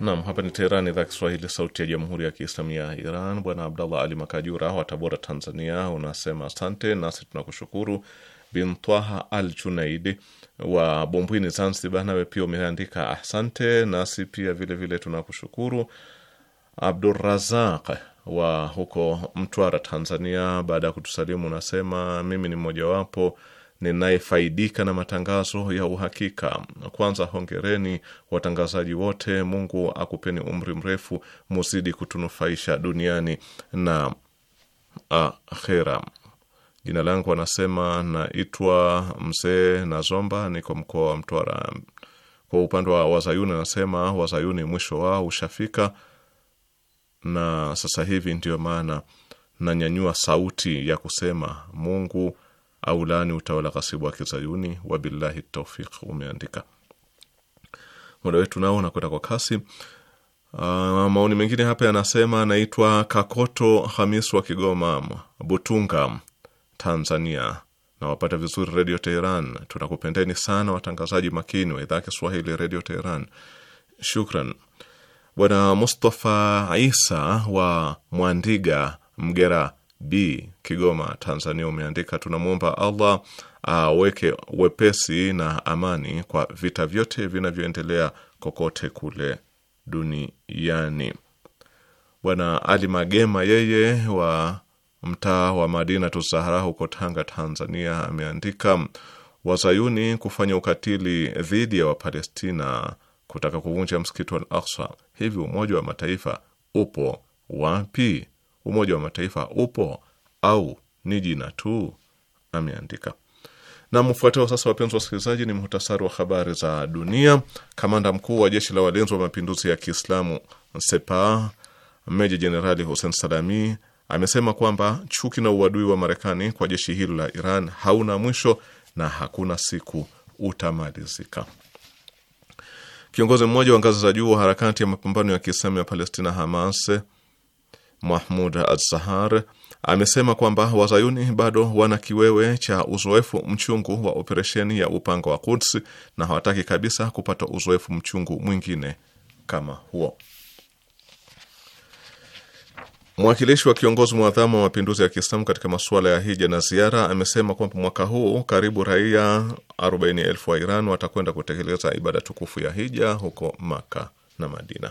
Naam, hapa ni Teherani, idhaa Kiswahili, sauti ya jamhuri ya kiislamu ya Iran. Bwana Abdallah Ali Makajura wa Tabora, Tanzania, unasema asante, nasi tunakushukuru. Bintwaha Al Junaidi wa Bombwini, Zanzibar, nawe pia umeandika asante, nasi pia vilevile tunakushukuru. Abdurazaq wa huko Mtwara, Tanzania, baada ya kutusalimu unasema mimi ni mmojawapo ninayefaidika na matangazo ya uhakika. Kwanza hongereni watangazaji wote, Mungu akupeni umri mrefu, muzidi kutunufaisha duniani na ah, akhera. Jina langu anasema naitwa Mzee Nazomba, niko mkoa wa Mtwara. Kwa upande wa Wazayuni anasema Wazayuni mwisho wao ushafika, na sasa hivi ndiyo maana nanyanyua sauti ya kusema Mungu au laani utawala ghasibu wa Kizayuni. Wabillahi taufiq, umeandika. Muda wetu nao unakwenda kwa kasi. Uh, maoni mengine hapa yanasema, anaitwa Kakoto Hamis wa Kigoma Butunga, Tanzania. Nawapata vizuri Redio Teheran. Tunakupendeni sana watangazaji makini wa idhaa ya Kiswahili Redio Teheran. Shukran. Bwana Mustafa Isa wa Mwandiga, Mgera, B Kigoma, Tanzania umeandika tunamwomba Allah aweke wepesi na amani kwa vita vyote vinavyoendelea kokote kule duniani. Bwana Ali Magema yeye wa mtaa wa Madina Tuzahara huko Tanga, Tanzania ameandika Wazayuni kufanya ukatili dhidi ya Wapalestina, kutaka kuvunja msikiti wa Al Aksa. Hivi Umoja wa Mataifa upo wapi? Umoja wa Mataifa upo au ni jina tu? Ameandika. Na mfuatao sasa, wapenzi wasikilizaji, ni muhtasari wa habari za dunia. Kamanda mkuu wa jeshi la walinzi wa mapinduzi ya Kiislamu Sepa, Meja Jenerali Hussein Salami amesema kwamba chuki na uadui wa Marekani kwa jeshi hilo la Iran hauna mwisho na hakuna siku utamalizika. Kiongozi mmoja wa ngazi za juu wa harakati ya mapambano ya Kiislamu ya Palestina Hamas Mahmud Azahar amesema kwamba wazayuni bado wana kiwewe cha uzoefu mchungu wa operesheni ya upanga wa Quds na hawataki kabisa kupata uzoefu mchungu mwingine kama huo. Mwakilishi wa kiongozi mwadhamu wa mapinduzi ya Kiislamu katika masuala ya hija na ziara amesema kwamba mwaka huu karibu raia 40,000 wa Iran watakwenda kutekeleza ibada tukufu ya hija huko Maka na Madina.